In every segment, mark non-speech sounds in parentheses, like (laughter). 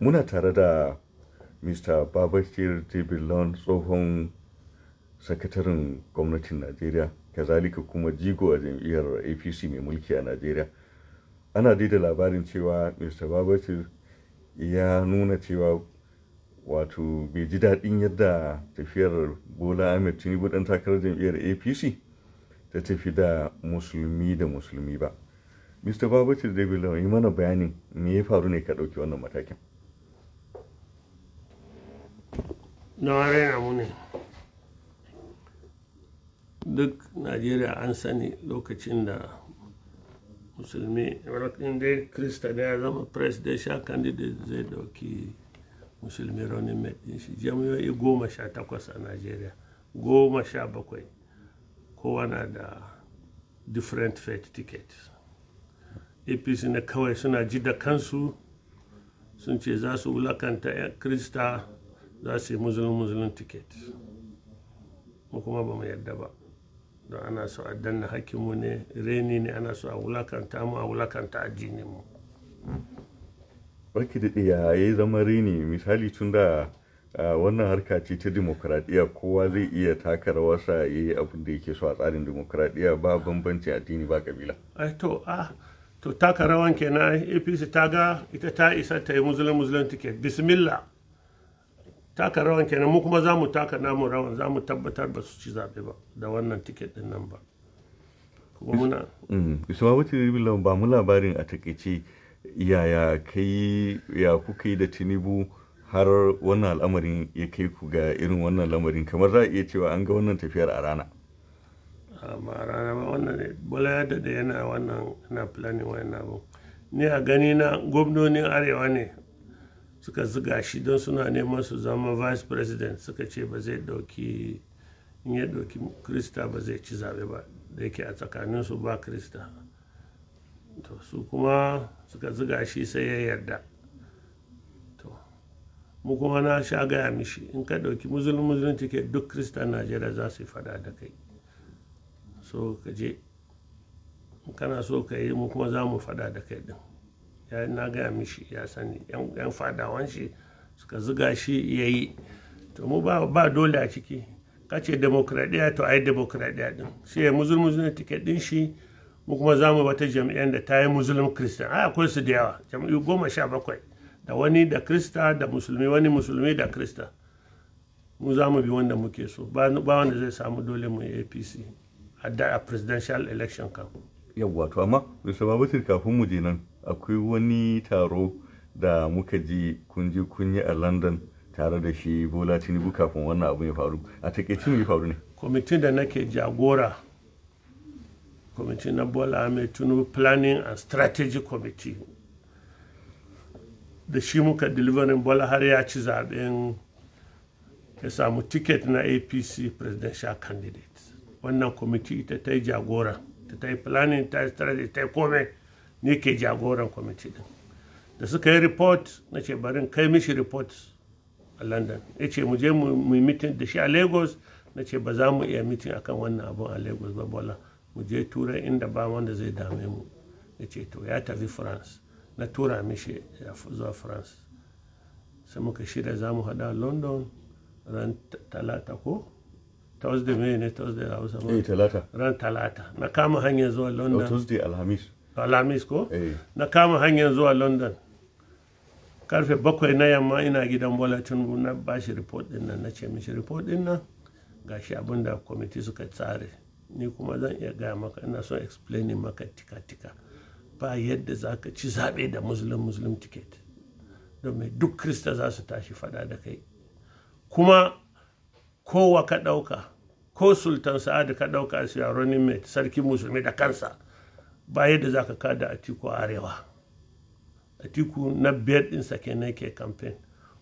muna tare da mr babashir jibilon tsohon sakataren gwamnatin najeriya kazalika kuma jigo a jam'iyyar apc mai mulki a najeriya ana dai da labarin cewa mr babashir ya nuna cewa wato bai ji daɗin yadda tafiyar bola ahmed tinubu dan takarar jam'iyyar apc ta tafi da musulmi da musulmi ba mr babacir david yi mana bayanin me ya faru ne ka ɗauki wannan matakin na raina duk najeriya an sani lokacin da musulmi in dai krista da ya zama presidential candidate zai dauki musulmi running mate din shi jami'o'i goma sha takwas a najeriya goma sha bakwai kowa na da different faith ticket apc na kawai suna ji da kansu sun ce za su wulakanta krista za su yi muslim muslim ticket mu kuma ba mu yadda ba don ana so a danna hakimu ne reni ne ana so a wulakanta mu a wulakanta addinin mu barki daɗe ya yi zama reni misali tun da wannan harka ce ta demokradiyya kowa zai iya taka rawarsa ya yi abin da yake so a tsarin demokradiyya ba bambanci addini ba kabila to a to taka kenan apc ta ga ita ta isa ta yi musulun musulun ticket bismillah taka rawan kenan mu kuma za mu taka namu rawan za mu tabbatar ba su ci zaɓe ba da wannan tiket din nan ba kuma muna usman wuce ribilan ba mu labarin a takaice yaya kai ya kuka yi da tinubu har wannan al'amarin ya kai ku ga irin wannan lamarin kamar za a iya cewa an ga wannan tafiyar a rana ba a rana ba wannan ne bola yadda da yana wannan na planning wannan abu ni a gani na gwamnonin arewa ne suka zuga shi don suna neman su zama vice president suka ce ba zai dauki in ya dauki krista ba zai ci zabe ba da yake a tsakaninsu ba krista to su kuma suka ziga shi sai ya yarda to mu kuma na sha gaya mishi in ka dauki musulun musulun tike duk krista najeriya za su yi fada da kai so ka je kana so ka yi mu kuma za mu fada da kai din na gaya mishi ya sani yan fadawan shi suka ziga shi ya yi to mu ba dole a ciki kace ce demokradiyya to ai demokradiyya din shi ya zuwa tiket din shi mu kuma za mu wata jam'iyyar da ta yi musulun kristan a akwai su da yawa jam'iyyu goma sha bakwai da wani da krista da musulmi wani musulmi da krista mu za mu bi wanda muke so ba wanda zai samu dole mu apc a presidential election kan yawwa to amma bisa babu kafin mu je nan akwai wani taro da muka ji kun je kun yi a london tare da shi bola tinubu kafin wannan abu ya faru a takaice ya faru ne kwamitin da nake jagora kwamitin na bola mai tinubu planning and strategy committee da shi muka delivering bola har ya ci zaben ya samu ticket na apc presidential candidate wannan kwamiti ita ta yi jagora ta yi planning ta yi strategy ta yi komai ne ke jagoran kwamiti din da suka yi report na ce barin kai mishi report a london ya ce mu je mu yi mitin da shi a lagos na ce ba za mu iya mitin akan wannan abun a lagos ba bola mu je tura inda ba wanda zai dame mu ya ce to ya tafi france na tura mishi zuwa france sai muka shirya za mu hada london ran talata ko thursday mai ne thursday a hausa eh, ran talata na kama hanyar zuwa oh, london thursday alhamis alhamis ko eh. na kama hanyar zuwa london karfe bakwai na yamma ina gidan bola tinubu na bashi report din nan na ce mishi report din nan gashi abin da kwamiti suka tsare ni kuma zan iya gaya maka ina son explaining maka tika-tika ba yadda za ka ci zaɓe da muslim muslim ticket domin duk krista za su tashi fada da kai kuma kowa ka ɗauka ko sultan sa'ad ka ɗauka su running mate sarki musulmi da kansa ba yadda za ka kada atiku a arewa atiku na biyar sake kenan ke kamfen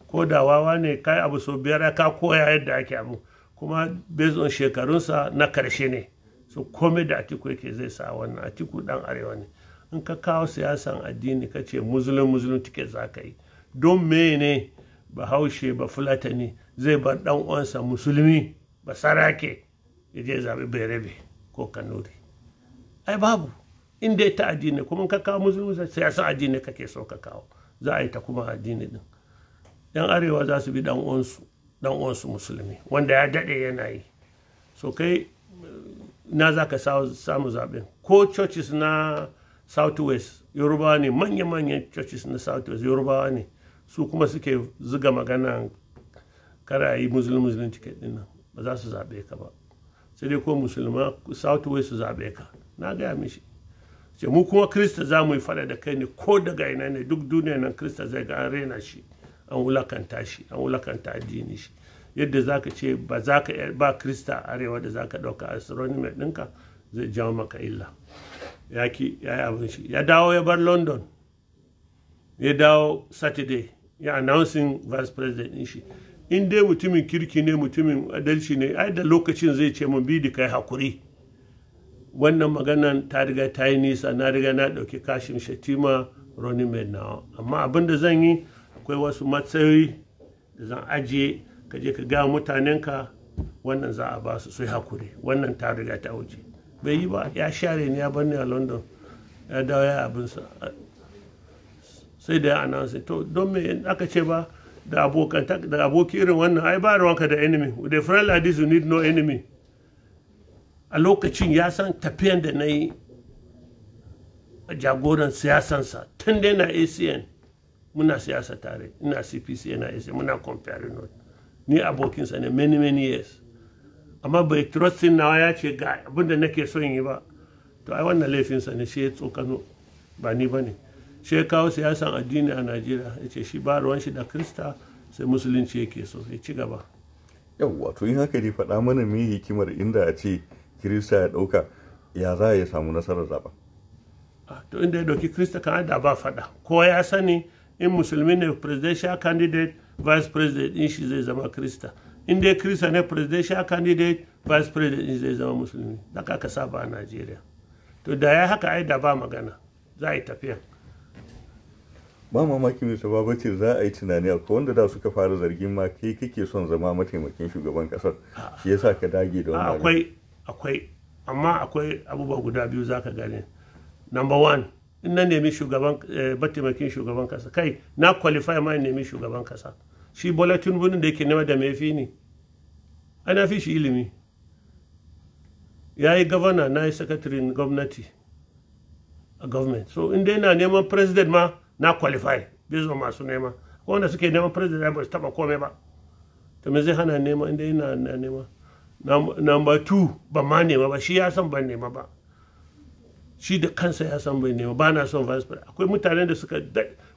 ko da wawa ne kai abu so biyar ka koya yadda ake abu kuma based on shekarunsa na karshe ne so komai da atiku yake zai sa wannan atiku dan arewa ne in ka kawo siyasan addini ka ce musulun musulun tike za ka yi don me ne bahaushe ba fulatani zai bar dan uwansa musulmi ba sarake ya je zabi berebe ko kanuri ai babu in dai ta addini kuma ka kawo musulunci sai ya san addini kake so ka kawo za a yi ta kuma addini din yan arewa za su bi dan uwansu dan uwansu musulmi wanda ya dade yana yi so kai na za ka samu zaɓen ko churches na South West, yorubawa ne manya-manyan churches na South West, yorubawa ne su kuma suke zuga magana kara yi musulmi-musulmi ticket din ba za su zaɓe ka ba sai dai ko musulma west su zaɓe ka na gaya mishi ce mu kuma kirista za mu yi fada da kai ne ko daga ina ne duk duniya nan krista zai ga an rena shi an wulakanta shi an wulakanta addini shi yadda za ka ce ba za ka ba krista arewa da za ka ɗauka astronomy ɗinka zai jawo maka illa ya ki ya yi abin shi ya dawo ya bar london ya dawo saturday ya announcing vice president ɗin shi in dai mutumin kirki ne mutumin adalci ne ai da lokacin zai ce mun bi da kai hakuri wannan maganan ta riga ta yi nisa na riga na ɗauki kashin shatima ronin mai nawa amma abin da zan yi akwai wasu matsayi da zan ajiye ka je ka ga mutanenka wannan za a ba su sai hakuri wannan ta riga ta wuce bai yi ba ya share ni ya bar ni a london ya dawo ya abinsa sai da ya anansa to don me aka ce ba da abokan da aboki irin wannan ai ba ruwanka da enemy with a friend like this you need no enemy a lokacin ya san tafiyan da na yi a jagoran siyasansa tun dai na acn muna siyasa tare ina cpc na acn muna comparing note ni abokinsa ne many many years amma bai trustin nawa ya ce ga abinda nake son yi ba to ai wannan laifinsa ne shi ya tsokano ba ni ba ne shi ya kawo siyasan addini a najeriya ya ce shi ba ruwan shi da krista sai musulunci yake so ya ci gaba yau wato yi haka ne faɗa mana mai hikimar inda a ce kirista ya ɗauka ya za ya samu nasarar zaɓen to inda ya ɗauki kirista kan da ba faɗa kowa ya sani in musulmi ne presidential candidate vice president din shi zai zama kirista in dai kirista ne presidential candidate vice president din zai zama musulmi da aka saba a najeriya to da ya haka ai da ba magana za a yi tafiya ba mamaki mai sababa ce za a yi tunani ko wanda da suka fara zargin ma kai kake son zama mataimakin shugaban kasar shi yasa ka dage da wannan akwai akwai amma akwai abubuwa guda biyu za ka gane number one in na nemi shugaban bataimakin eh, shugaban kasa kai na qualify ma nemi shugaban kasa shi bola tinubu da yake nema da fi ne ana fi shi ilimi ya yi gavana na yi in gwamnati a government so inda yana neman president ma na qualify bizo masu nema wanda suke neman president ba su taba komai ba to me zai hana nema inda yana nema number two ba ma nema ba shi ya san ban nema ba shi da kansa ya san ban nema ba na son vice president akwai mutanen da suka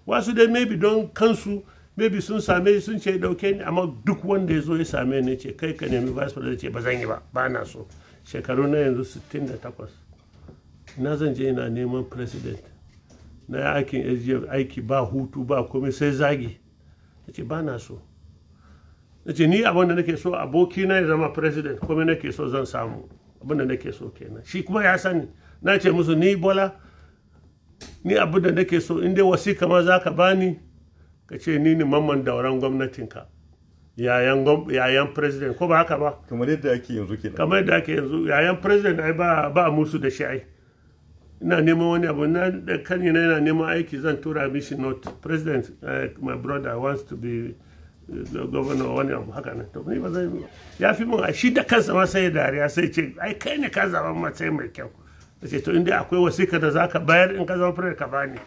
wasu dai maybe don kansu maybe sun same sun ce dauke ni amma duk wanda ya zo ya same ni ce kai ka nemi vice president ce ba zan yi ba ba na so shekaru na yanzu 68 na zan je ina neman president na aikin sgf aiki ba hutu ba komai sai zagi ce ba na so na ni abin da nake so aboki na ya zama president kuma nake so zan samu abin da nake so kenan shi kuma ya sani na ce musu ni bola ni abin da nake so in dai wasi kama za ka bani ka ce ni ne mamman dauran gwamnatinka yayan yayan president ko ba haka ba kamar yadda ake yanzu kenan kamar yadda ake yanzu yayan president ai ba ba musu da shi ai ina neman wani abu na da kan yana neman aiki zan tura mishi note president eh, my brother wants to be gwamna wani abu haka ne. to ni ba zai ya fi mun shi da kansa ma sai dariya sai ce ai kai ne ka zama sai mai kyau ce to inda akwai wasika da zaka bayar in ka zama fure ka bani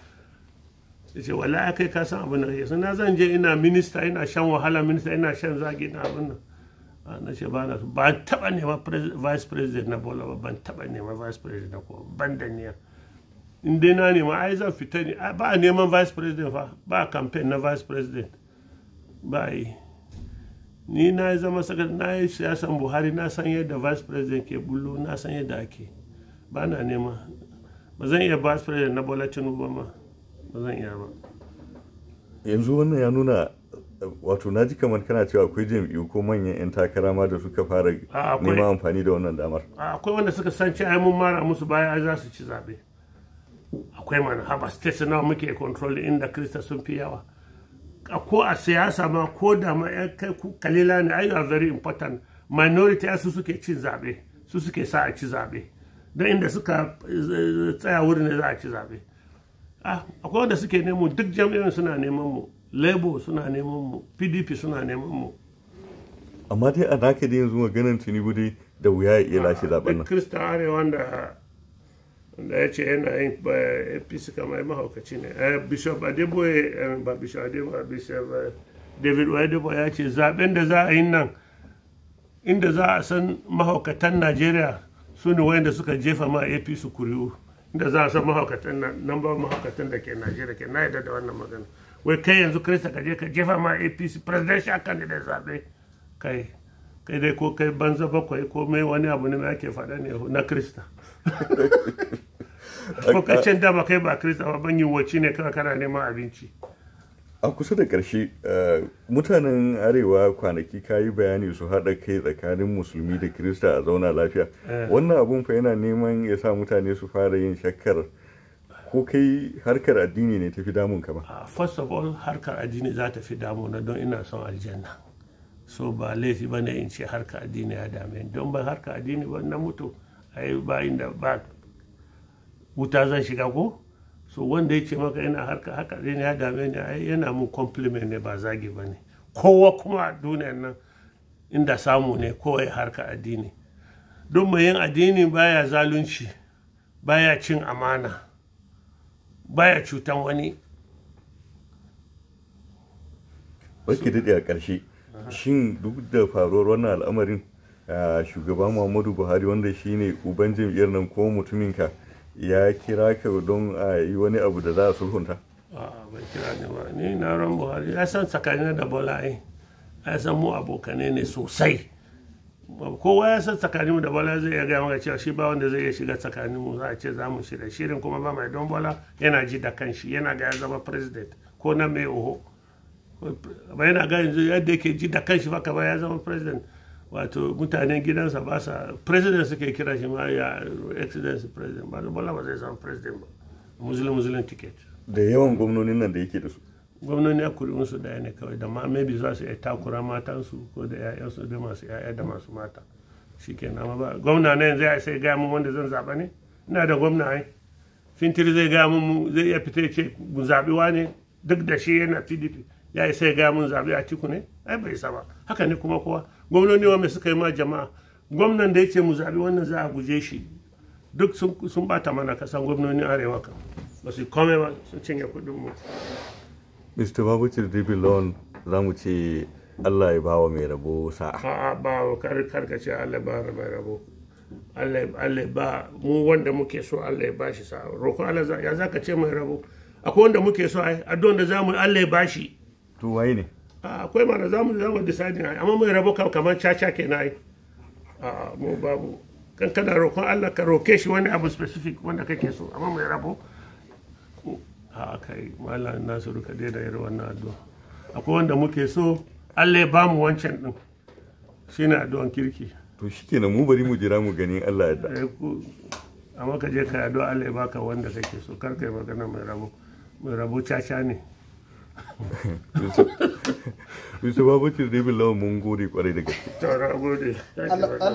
ce wallahi kai ka san abin nan yasan na zan je ina minista ina shan wahala minista ina shan zagi na abin nan na ce ba na ba taba neman vice president na bola ba ban taba neman vice president na ko ban da niyan in dai na nema ai zan fita ne ba neman vice president fa ba campaign na vice president bai ni na zama saka na yi siyasan buhari na san yadda vice president ke bullo na san yadda ake ba na nema ba zan iya vice president na bola tinubu ba ma ba zan iya ba yanzu wannan ya nuna wato na ji kamar kana cewa akwai jam'iyyu ko manyan 'yan takara ma da suka fara neman amfani da wannan damar akwai wanda suka san ci mun mara musu baya za su ci zabe akwai mana haba state nawa muke control inda krista sun fi yawa ko a siyasa ma ko da ma yan kai kalila ne ayyuka very important minority su suke cin zaɓe su suke sa a ci zaɓe don inda suka eh, eh, tsaya wurin ne za a ci zaɓe ah, akwai wanda suke nemo duk jam'iyyar suna neman mu labour suna neman mu pdp suna neman mu amma dai a naka da yanzu maganar tuni dai da wuya ya iya lashe ah, zaɓen nan kirista arewa da ce yana yin eh, apc kamar mahaukaci ne eh, eh, bishop adeboye ba bishop adeboye bishop david wadebo ya ce zaben da za a yi nan inda za a san mahaukatan najeriya su ne wayanda suka jefa ma apc kuri'u inda za a san mahaukatan nan ba mahaukatan da ke najeriya ke na yadda da wannan magana wai kai yanzu kirista ka je ka jefa ma apc presidential candidate zaɓe kai kai dai ko kai banza bakwai ko mai wani abu ne ake faɗa ne na kirista. (laughs) lokacin da ba kai ba kirista ba ban yiwuwaci ne kawai kana neman abinci a kusa da ƙarshe eh, mutanen arewa kwanaki ka yi bayani su haɗa kai tsakanin musulmi da kirista a zauna lafiya eh. wannan abun fa yana neman ya sa mutane su fara yin shakkar ko kai harkar addini ne tafi damun ka ba ah, first of all harkar addini za ta fi damuna don ina son aljanna so ba laifi ba ne in ce harkar addini ya dame don ba harkar addini ba na mutu ai ba inda ba wuta zan shiga ko so wanda ya ce maka yana harka haka ne ya dame ni ai yana mun compliment ne ba zagi ba ne kowa kuma a duniyar nan inda samu ne kowa ya harka addini don mai yin addini baya zalunci baya cin amana baya cutan wani Barki daɗe a ƙarshe, shin duk da faruwar wannan al'amarin shugaba muhammadu buhari wanda shine uban jam'iyyar nan ko mutuminka ya kira ka don a yi wani abu da za a sulhunta bai kira ne ba ni na ran buhari ya san tsakanin da bola ai ya san mu abokanai ne sosai kowa ya san tsakaninmu da bola zai iya gaya maka cewa shi ba wanda zai iya shiga tsakaninmu za a ce za mu shirya shirin kuma ba mai don bola yana ji da kanshi yana ga ya zama president ko na mai oho ba yana ga yanzu yadda yake ji da kanshi ba kamar ya zama president wato mutanen gidansa ba sa president suke kira shi ma ya excellence president ba bala ba zai zama president ba muslim muslim ticket da yawan gwamnonin nan da yake da su gwamnoni a su daya ne kawai da ma maybe za su iya takura matansu ko da su da masu 'ya'ya da masu mata shi ke nama ba gwamna na yanzu ya sai gaya mun wanda zan zaɓa ne ina da gwamna ai fintir zai gaya mun zai iya fita ce mu zaɓi ne duk da shi yana pdp ya sai gaya mun zaɓi a tiku ne ai bai saba haka ne kuma kowa gwamnoni mai suka yi ma jama'a gwamnan da ya ce mu zaɓi wannan za a guje shi duk sun bata mana kasan gwamnoni arewa kan ba su kome ba sun cinye kudin mu mr babucir dibilon za mu ce allah ya bawa mai rabo sa'a ba ka ce allah bawa mai rabo allah ba mu wanda muke so allah ya bashi sa'a roko allah ya zaka ce mai rabo akwai wanda muke so ai addu'an da za mu allah ya bashi to waye ne akwai mana za mu zama deciding ai amma mai rabo kamar caca ke ai a mu babu kan kana roƙon Allah ka roke shi wani abu specific wanda kake so amma mai rabo a kai malam nasiru ka daina irin wannan addu'a akwai wanda muke so Allah ya ba mu wancan din shine addu'an kirki to shikenan mu bari mu jira mu gani Allah ya da eh, amma ka je ka addu'a Allah ya baka wanda kake so kar kai magana mai rabo mai rabo caca ne Yusuf Abuci zai bi lawan mun gode kwarai da gaske.